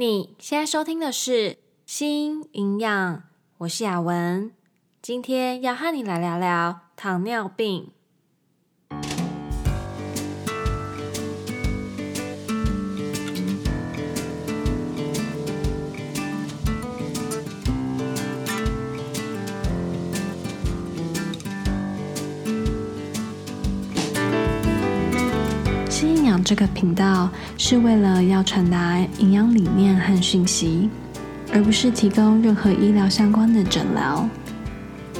你現在收聽的是《心營養》，我是雅雯，今天要和你來聊聊糖尿病。這個頻道是為了要傳達營養理念和訊息，而不是提供任何醫療相關的診療。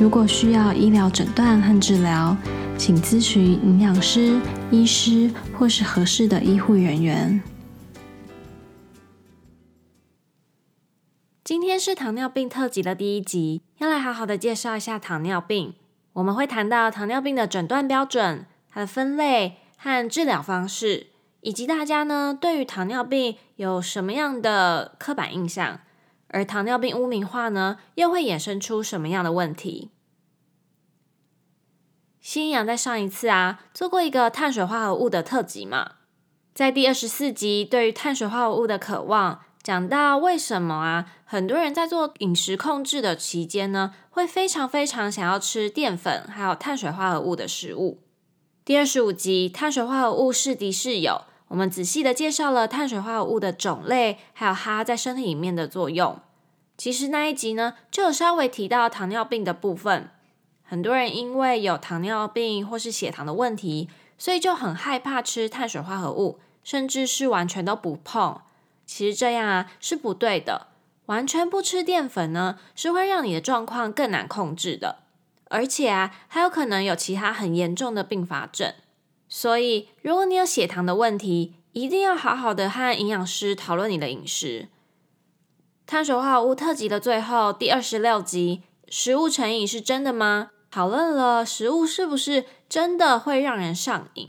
如果需要醫療診斷和治療，請諮詢營養師、醫師或是合適的醫護人員。今天是糖尿病特輯的第一集，要來好好的介紹一下糖尿病。我們會談到糖尿病的診斷標準、它的分類。和治療方式，以及大家呢對於糖尿病有什麼樣的刻板印象？而糖尿病污名化呢，又會衍生出什麼樣的問題？心營養在上一次啊，做過一個碳水化合物的特輯嘛，在第二十四集對於碳水化合物的渴望，講到為什麼啊很多人在做飲食控制的期間呢，會非常非常想要吃澱粉還有碳水化合物的食物。第二十五集，碳水化合物是敵是友？我們仔細的介紹了碳水化合物的種類，還有它在身體裡面的作用。其實那一集呢，就有稍微提到糖尿病的部分。很多人因為有糖尿病或是血糖的問題，所以就很害怕吃碳水化合物，甚至是完全都不碰。其實這樣啊是不對的，完全不吃澱粉呢，是會讓你的狀況更難控制的。而且啊，還有可能有其他很嚴重的併發症，所以如果你有血糖的問題，一定要好好的和營養師討論你的飲食。碳水化合物特輯的最後第二十六集，食物成癮是真的嗎？討論了食物是不是真的會讓人上癮。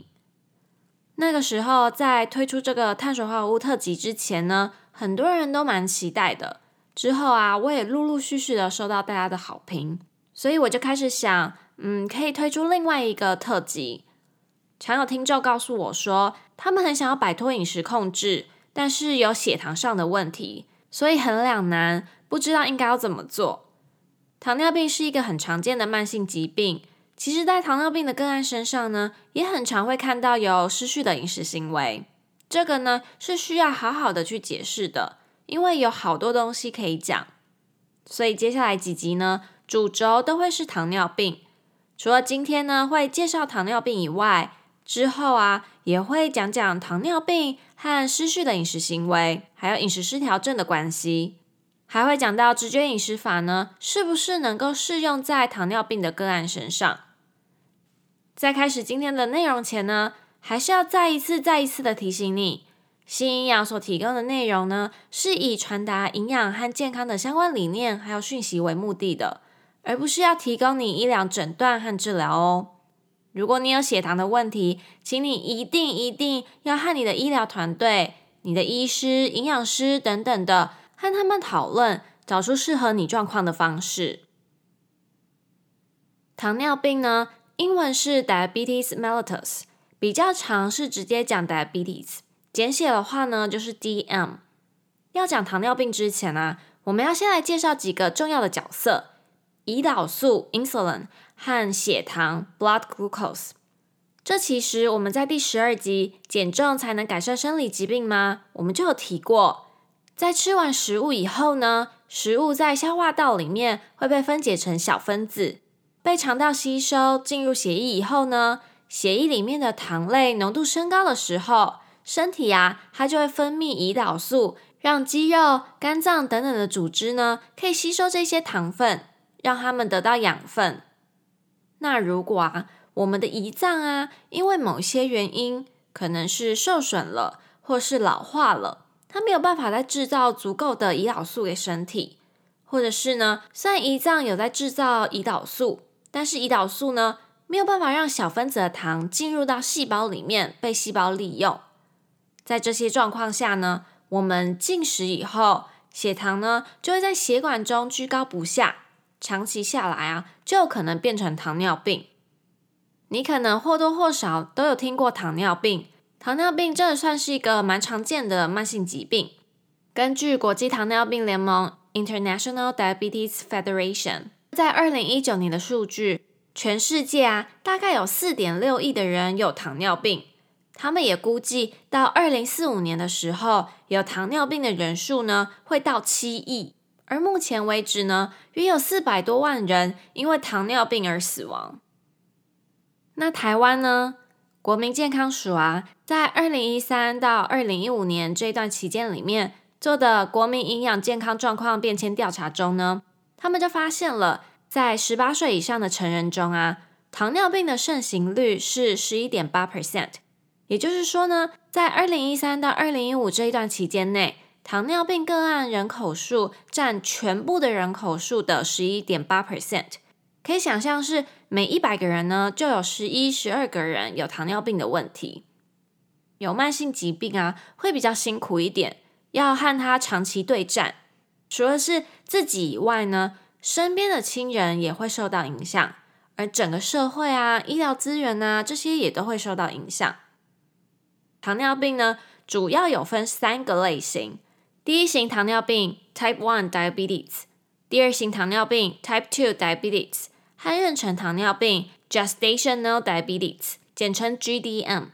那個時候在推出這個碳水化合物特輯之前呢，很多人都蠻期待的。之後啊，我也陸陸續續的收到大家的好評。所以我就開始想，嗯，可以推出另外一個特輯。常有聽眾告訴我說，他們很想要擺脫飲食控制，但是有血糖上的問題，所以很兩難，不知道應該要怎麼做。糖尿病是一個很常見的慢性疾病，其實在糖尿病的個案身上呢，也很常會看到有失序的飲食行為。這個呢，是需要好好的去解釋的，因為有好多東西可以講。所以接下來幾集呢，主軸都會是糖尿病，除了今天呢會介紹糖尿病以外，之後啊也會講講糖尿病和失序的飲食行為，還有飲食失調症的關係，還會講到直覺飲食法呢是不是能夠適用在糖尿病的個案身上。在開始今天的內容前呢，還是要再一次再一次的提醒你，心營養所提供的內容呢是以傳達營養和健康的相關理念還有訊息為目的的。而不是要提供你醫療診斷和治療哦。如果你有血糖的問題，請你一定一定要和你的醫療團隊、你的醫師、營養師等等的，和他們討論，找出適合你狀況的方式。糖尿病呢，英文是 diabetes mellitus，比較常是直接講 diabetes，簡寫的話呢就是 DM。要講糖尿病之前呢、啊，我們要先來介紹幾個重要的角色。胰島素 (insulin) 和血糖 (blood glucose)。這其實我們在第十二集“減重才能改善生理疾病”嗎？我們就有提過，在吃完食物以後呢，食物在消化道裡面會被分解成小分子，被腸道吸收進入血液以後呢，血液裡面的糖類濃度升高的時候，身體啊它就會分泌胰島素，讓肌肉、肝臟等等的組織呢可以吸收這些糖分。讓他們得到養分。那如果啊，我們的胰臟啊，因為某些原因，可能是受損了，或是老化了，它沒有辦法再制造足夠的胰島素給身體，或者是呢，雖然胰臟有在制造胰島素，但是胰島素呢，沒有辦法讓小分子的糖進入到細胞裡面，被細胞利用。在這些狀況下呢，我們進食以後，血糖呢，就會在血管中居高不下。長期下來啊，就可能變成糖尿病。你可能或多或少都有聽過糖尿病。糖尿病真的算是一個蠻常見的慢性疾病。根據國際糖尿病聯盟 （International Diabetes Federation） 在二零一九年的數據，全世界啊，大概有四點六億的人有糖尿病。他們也估計到二零四五年的時候，有糖尿病的人數呢，會到七億。而目前為止呢，約有四百多萬人因為糖尿病而死亡。那台灣呢？國民健康署啊，在二零一三到二零一五年這一段期間裡面做的國民營養健康狀況變遷調查中呢，他們就發現了，在十八歲以上的成人中啊，糖尿病的盛行率是十一點八 percent。也就是說呢，在二零一三到二零一五這一段期間內，糖尿病個案人口數占全部的人口數的十一點八 percent，可以想象是每一百個人呢就有十一、十二個人有糖尿病的問題。有慢性疾病啊，會比較辛苦一點，要和他長期對戰。除了是自己以外呢，身邊的親人也會受到影響，而整個社會啊、醫療資源啊這些也都會受到影響。糖尿病呢，主要有分三個類型。第一型糖尿病 （Type One Diabetes）、第二型糖尿病 （Type Two Diabetes） 和妊娠糖尿病 （Gestational Diabetes），簡稱 GDM。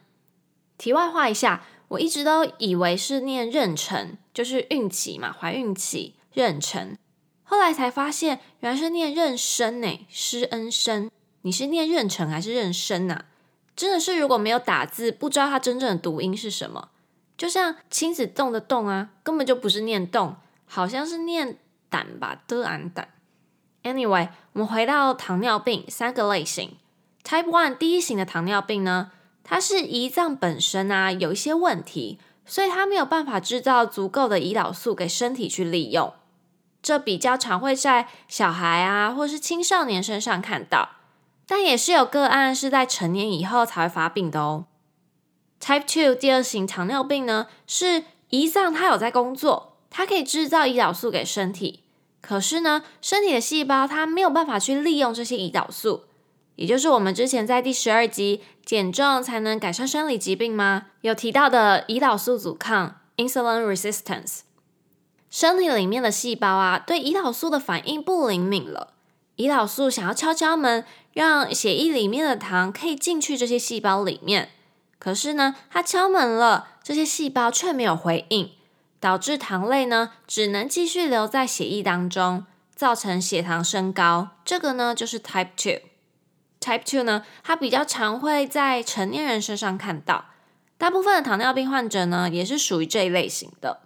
題外話一下，我一直都以為是念“妊娠”，就是孕期嘛，懷孕期“妊娠”。後來才發現，原來是念認誒“妊娠”呢，施恩生。你是念“妊娠”還是“妊娠”呢？真的是如果沒有打字，不知道它真正的讀音是什麼。就像“親子動”的“動”啊，根本就不是念動，好像是念膽吧，d an 膽。Anyway，我們回到糖尿病三個類型，Type One 第一型的糖尿病呢，它是胰臟本身啊有一些問題，所以它沒有辦法制造足夠的胰島素給身體去利用。這比較常會在小孩啊或是青少年身上看到，但也是有個案是在成年以後才會發病的哦。Type two 第二型糖尿病呢，是胰臟它有在工作，它可以製造胰島素給身體，可是呢，身體的細胞它沒有辦法去利用這些胰島素，也就是我們之前在第十二集減重才能改善生理疾病嗎？有提到的胰島素阻抗 （insulin resistance），身體裡面的細胞啊，對胰島素的反應不靈敏了，胰島素想要敲敲門，讓血液裡面的糖可以進去這些細胞裡面。可是呢，他敲門了，這些細胞卻沒有回應，導致糖類呢只能繼續留在血液當中，造成血糖升高。這個呢就是 Type two。Type two 呢，它比較常會在成年人身上看到，大部分的糖尿病患者呢也是屬於這一類型的。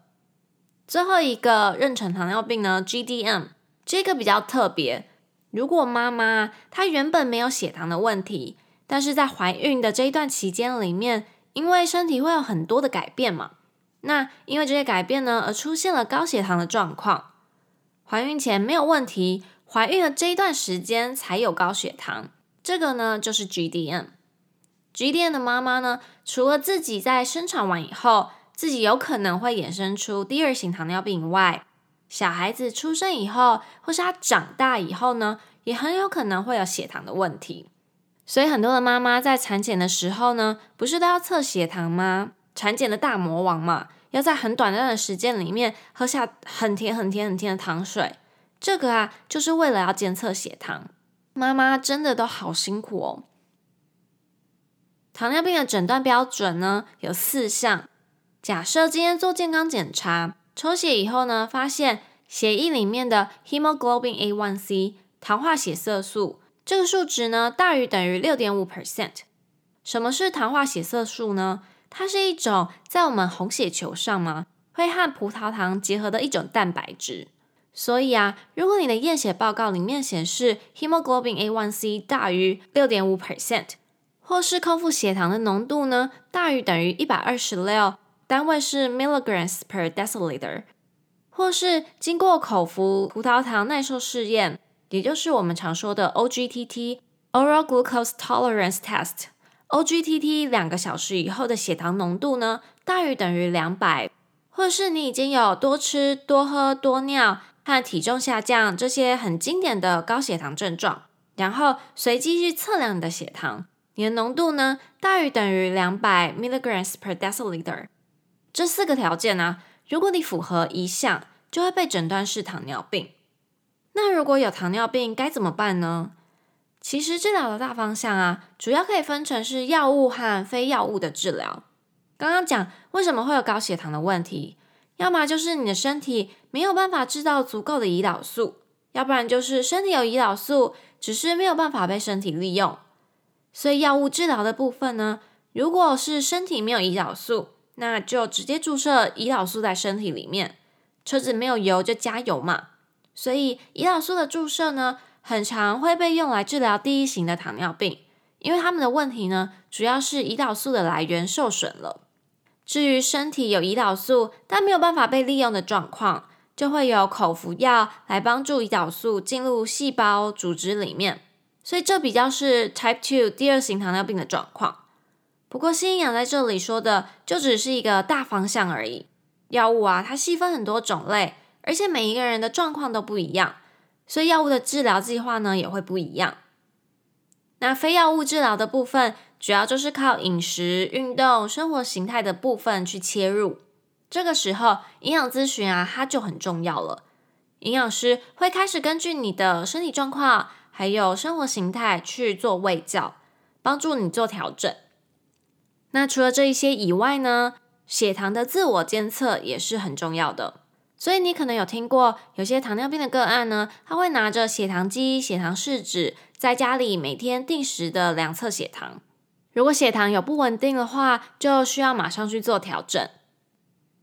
最後一個妊娠糖尿病呢，GDM，這個比較特別，如果媽媽她原本沒有血糖的問題。但是在懷孕的這一段期間裡面，因為身體會有很多的改變嘛，那因為這些改變呢，而出現了高血糖的狀況。懷孕前沒有問題，懷孕的這一段時間才有高血糖，這個呢就是 GDM。GDM 的媽媽呢，除了自己在生產完以後，自己有可能會衍生出第二型糖尿病以外，小孩子出生以後，或是他長大以後呢，也很有可能會有血糖的問題。所以很多的媽媽在產檢的時候呢，不是都要測血糖嗎？產檢的大魔王嘛，要在很短暫的時間裡面喝下很甜、很甜、很甜的糖水，這個啊，就是為了要監測血糖。媽媽真的都好辛苦哦。糖尿病的診斷標準呢，有四項。假設今天做健康檢查，抽血以後呢，發現血液裡面的 Hemoglobin A1C，糖化血色素。這個數值呢，大於等於六點五 percent。什麼是糖化血色素呢？它是一種在我們紅血球上嗎、啊，會和葡萄糖結合的一種蛋白質。所以啊，如果你的驗血報告裡面顯示 hemoglobin A1c 大於六點五 percent，或是空腹血糖的濃度呢，大於等於一百二十六，單位是 milligrams per deciliter，或是經過口服葡萄糖耐受試驗，也就是我們常說的 OGTT（oral glucose tolerance test），OGTT 兩個小時以後的血糖濃度呢，大於等於兩百，或是你已經有多吃、多喝、多尿和體重下降這些很經典的高血糖症狀，然後隨機去測量你的血糖，你的濃度呢，大於等於兩百 milligrams per deciliter。這四個條件呢、啊，如果你符合一項，就會被診斷是糖尿病。那如果有糖尿病，該怎麼辦呢？其實治療的大方向啊，主要可以分成是藥物和非藥物的治療。剛剛講為什麼會有高血糖的問題，要麼就是你的身體沒有辦法制造足夠的胰島素，要不然就是身體有胰島素，只是沒有辦法被身體利用。所以藥物治療的部分呢，如果是身體沒有胰島素，那就直接注射胰島素在身體裡面，車子沒有油就加油嘛。所以胰島素的注射呢，很常會被用來治療第一型的糖尿病，因為他們的問題呢，主要是胰島素的來源受損了。至於身體有胰島素但沒有辦法被利用的狀況，就會有口服藥來幫助胰島素進入細胞組織裡面。所以這比較是 Type Two 第二型糖尿病的狀況。不過心營養在這裡說的，就只是一個大方向而已。藥物啊，它細分很多種類。而且每一個人的狀況都不一樣，所以藥物的治療計劃呢，也會不一樣。那非藥物治療的部分，主要就是靠飲食、運動、生活形態的部分去切入。這個時候，營養諮詢啊，它就很重要了。營養師會開始根據你的身體狀況，還有生活形態去做衛教，幫助你做調整。那除了這一些以外呢，血糖的自我監測也是很重要的。所以你可能有聽過，有些糖尿病的個案呢，他會拿着血糖機、血糖試紙，在家裡每天定時的量測血糖。如果血糖有不穩定的話，就需要馬上去做調整。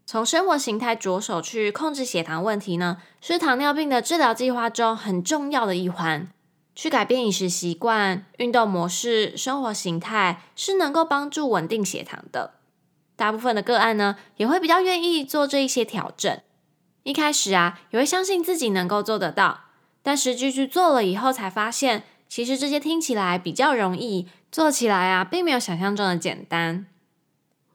從生活形態着手去控制血糖問題呢，是糖尿病的治療計劃中很重要的一環。去改變飲食習慣、運動模式、生活形態，是能夠幫助穩定血糖的。大部分的個案呢，也會比較願意做這一些調整。一開始啊，也會相信自己能夠做得到，但是繼續做了以後，才發現其實這些聽起來比較容易，做起來啊，並沒有想象中的簡單。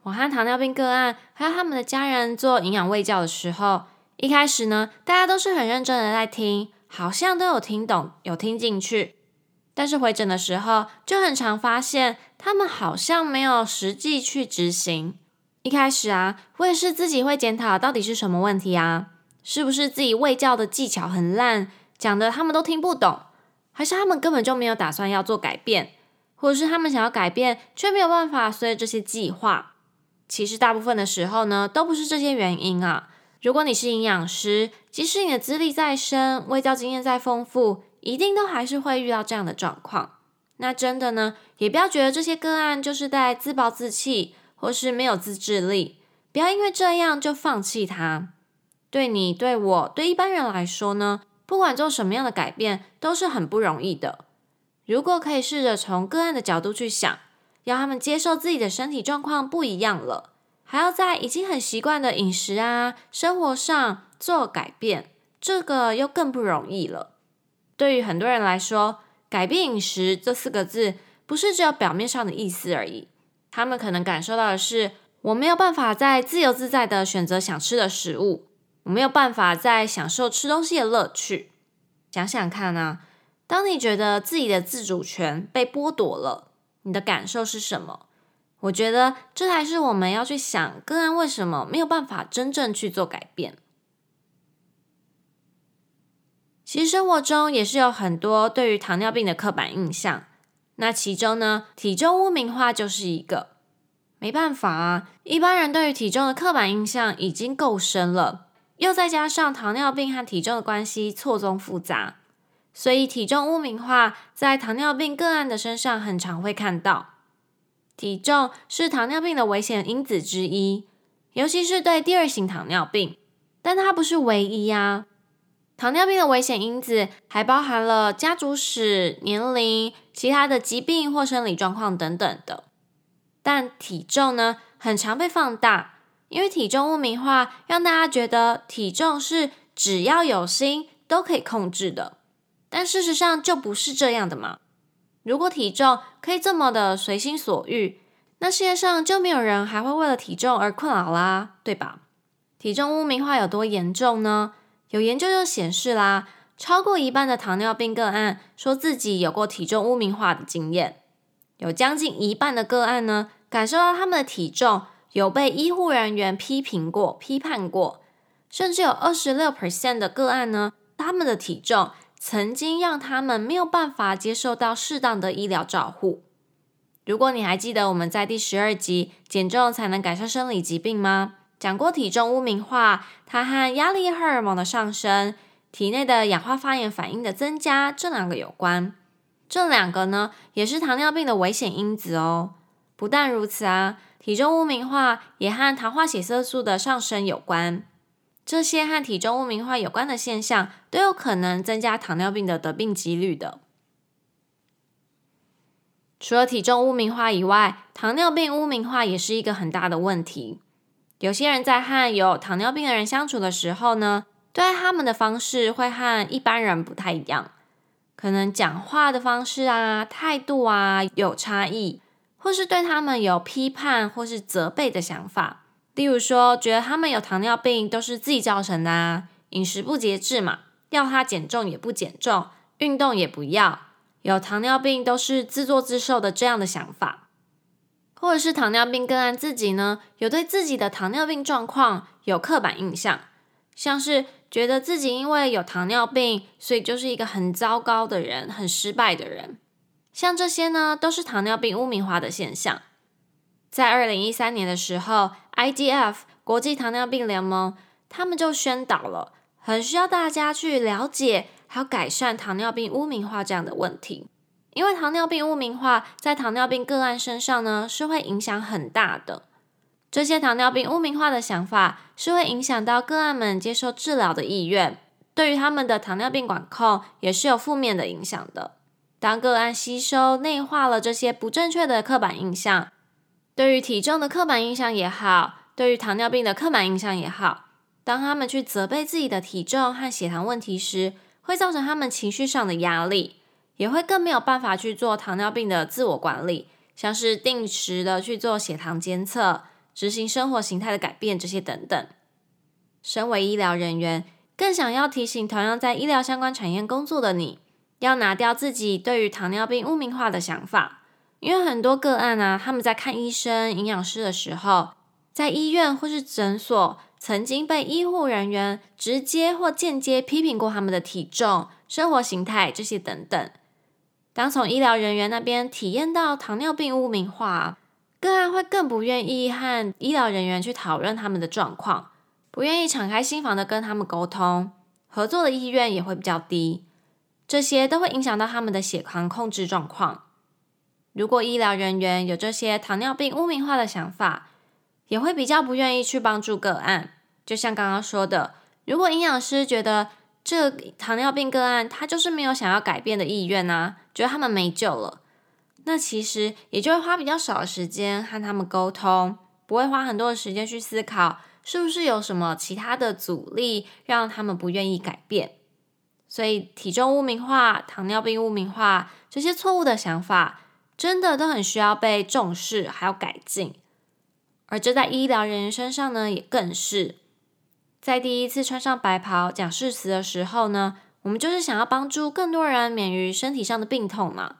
我和糖尿病個案還有他們的家人做營養衛教的時候，一開始呢，大家都是很認真的在聽，好像都有聽懂，有聽進去。但是回診的時候，就很常發現他們好像沒有實際去執行。一開始啊，我也是自己會檢討到底是什麼問題啊。是不是自己衛教的技巧很爛，講得他們都聽不懂？還是他們根本就沒有打算要做改變，或者是他們想要改變卻沒有辦法隨著這些計劃，其實大部分的時候呢，都不是這些原因啊。如果你是營養師，即使你的資歷再深，衛教經驗再豐富，一定都還是會遇到這樣的狀況。那真的呢，也不要覺得這些個案就是在自暴自棄，或是沒有自制力，不要因為這樣就放棄它。對你、對我、對一般人來說呢，不管做什麼樣的改變，都是很不容易的。如果可以試着從個案的角度去想，要他們接受自己的身體狀況不一樣了，還要在已經很習慣的飲食啊、生活上做改變，這個又更不容易了。對於很多人來說，改變飲食這四個字，不是只有表面上的意思而已。他們可能感受到的是，我沒有辦法再自由自在地選擇想吃的食物。我沒有辦法再享受吃東西的樂趣。想想看啊，當你覺得自己的自主權被剝奪了，你的感受是什麼？我覺得這還是我們要去想，個案為什麼沒有辦法真正去做改變。其實生活中也是有很多對於糖尿病的刻板印象，那其中呢，體重污名化就是一個。沒辦法啊，一般人對於體重的刻板印象已經夠深了。又再加上糖尿病和體重的關係錯綜複雜，所以體重污名化在糖尿病個案的身上很常會看到。體重是糖尿病的危險因子之一，尤其是對第二型糖尿病，但它不是唯一啊。糖尿病的危險因子還包含了家族史、年齡、其他的疾病或生理狀況等等的。但體重呢，很常被放大。因為體重污名化，讓大家覺得體重是只要有心都可以控制的，但事實上就不是這樣的嘛。如果體重可以這麼的隨心所欲，那世界上就沒有人還會為了體重而困擾啦，對吧？體重污名化有多嚴重呢？有研究就顯示啦，超過一半的糖尿病個案說自己有過體重污名化的經驗，有將近一半的個案呢，感受到他們的體重。有被醫護人員批評過、批判過，甚至有二十六 percent 的個案呢，他們的體重曾經讓他們沒有辦法接受到適當的醫療照護。如果你還記得我們在第十二集“減重才能改善生理疾病”嗎？講過體重污名化，它和壓力荷爾蒙的上升、體內的氧化發炎反應的增加，這兩個有關。這兩個呢，也是糖尿病的危險因子哦。不但如此啊。體重污名化也和糖化血色素的上升有關，這些和體重污名化有關的現象都有可能增加糖尿病的得病幾率的。除了體重污名化以外，糖尿病污名化也是一個很大的問題。有些人在和有糖尿病的人相處的時候呢，對待他們的方式會和一般人不太一樣，可能講話的方式啊、態度啊有差異。或是對他們有批判或是責備的想法，例如說覺得他們有糖尿病都是自己造成的啊，飲食不節制嘛，要他減重也不減重，運動也不要，有糖尿病都是自作自受的這樣的想法，或者是糖尿病個案自己呢，有對自己的糖尿病狀況有刻板印象，像是覺得自己因為有糖尿病，所以就是一個很糟糕的人，很失敗的人。像這些呢，都是糖尿病污名化的現象。在二零一三年的時候，IDF，國際糖尿病聯盟，他們就宣導了，很需要大家去了解，還有改善糖尿病污名化這樣的問題。因為糖尿病污名化在糖尿病個案身上呢，是會影響很大的。這些糖尿病污名化的想法，是會影響到個案們接受治療的意願，對於他們的糖尿病管控也是有負面的影響的。當個案吸收內化了這些不正確的刻板印象，對於體重的刻板印象也好，對於糖尿病的刻板印象也好，當他們去責備自己的體重和血糖問題時，會造成他們情緒上的壓力，也會更沒有辦法去做糖尿病的自我管理，像是定時的去做血糖監測、執行生活形態的改變這些等等。身為醫療人員，更想要提醒同樣在醫療相關產業工作的你。要拿掉自己對於糖尿病污名化的想法，因為很多個案啊，他們在看醫生、營養師的時候，在醫院或是診所，曾經被醫護人員直接或間接批評過他們的體重、生活形態這些等等。當從醫療人員那邊體驗到糖尿病污名化，個案會更不願意和醫療人員去討論他們的狀況，不願意敞開心房的跟他們溝通，合作的意願也會比較低。這些都會影響到他們的血糖控制狀況。如果醫療人員有這些糖尿病污名化的想法，也會比較不願意去幫助個案。就像剛剛說的，如果營養師覺得這個糖尿病個案他就是沒有想要改變的意願啊，覺得他們沒救了，那其實也就會花比較少的時間和他們溝通，不會花很多的時間去思考是不是有什麼其他的阻力讓他們不願意改變。所以，體重污名化、糖尿病污名化這些錯誤的想法，真的都很需要被重視，還要改進。而這在醫療人員身上呢，也更是。在第一次穿上白袍、講誓詞的時候呢，我們就是想要幫助更多人免於身體上的病痛嘛。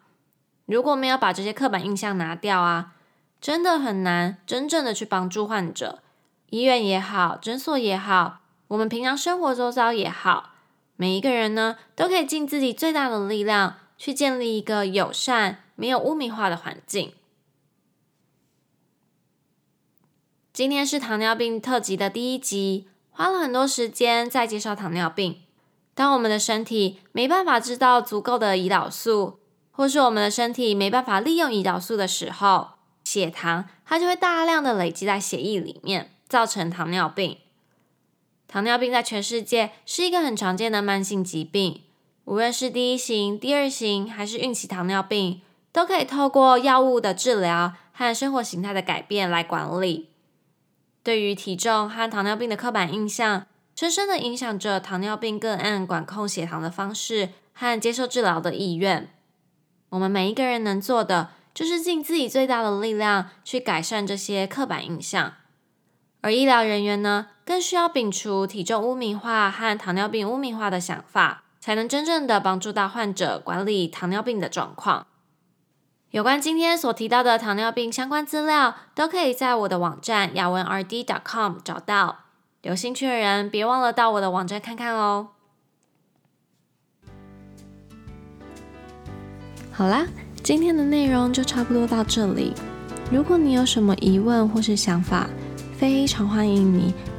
如果沒有把這些刻板印象拿掉啊，真的很難真正的去幫助患者。醫院也好，診所也好，我們平常生活周遭也好。每一個人呢，都可以盡自己最大的力量去建立一個友善、沒有污名化的環境。今天是糖尿病特輯的第一集，花了很多時間在介紹糖尿病。當我們的身體沒辦法製造足夠的胰島素，或是我們的身體沒辦法利用胰島素的時候，血糖它就會大量的累積在血液裡面，造成糖尿病。糖尿病在全世界是一個很常見的慢性疾病，無論是第一型、第二型還是孕期糖尿病，都可以透過藥物的治療和生活形態的改變來管理。對於體重和糖尿病的刻板印象，深深的影響着糖尿病個案管控血糖的方式和接受治療的意願。我們每一個人能做的，就是盡自己最大的力量去改善這些刻板印象。而醫療人員呢，更需要摒除體重污名化和糖尿病污名化的想法，才能真正的幫助到患者管理糖尿病的狀況。有關今天所提到的糖尿病相關資料，都可以在我的網站雅雯 RD.com 找到。有興趣的人，別忘了到我的網站看看哦。好啦，今天的內容就差不多到這裡。如果你有什麼疑問或是想法，非常歡迎你。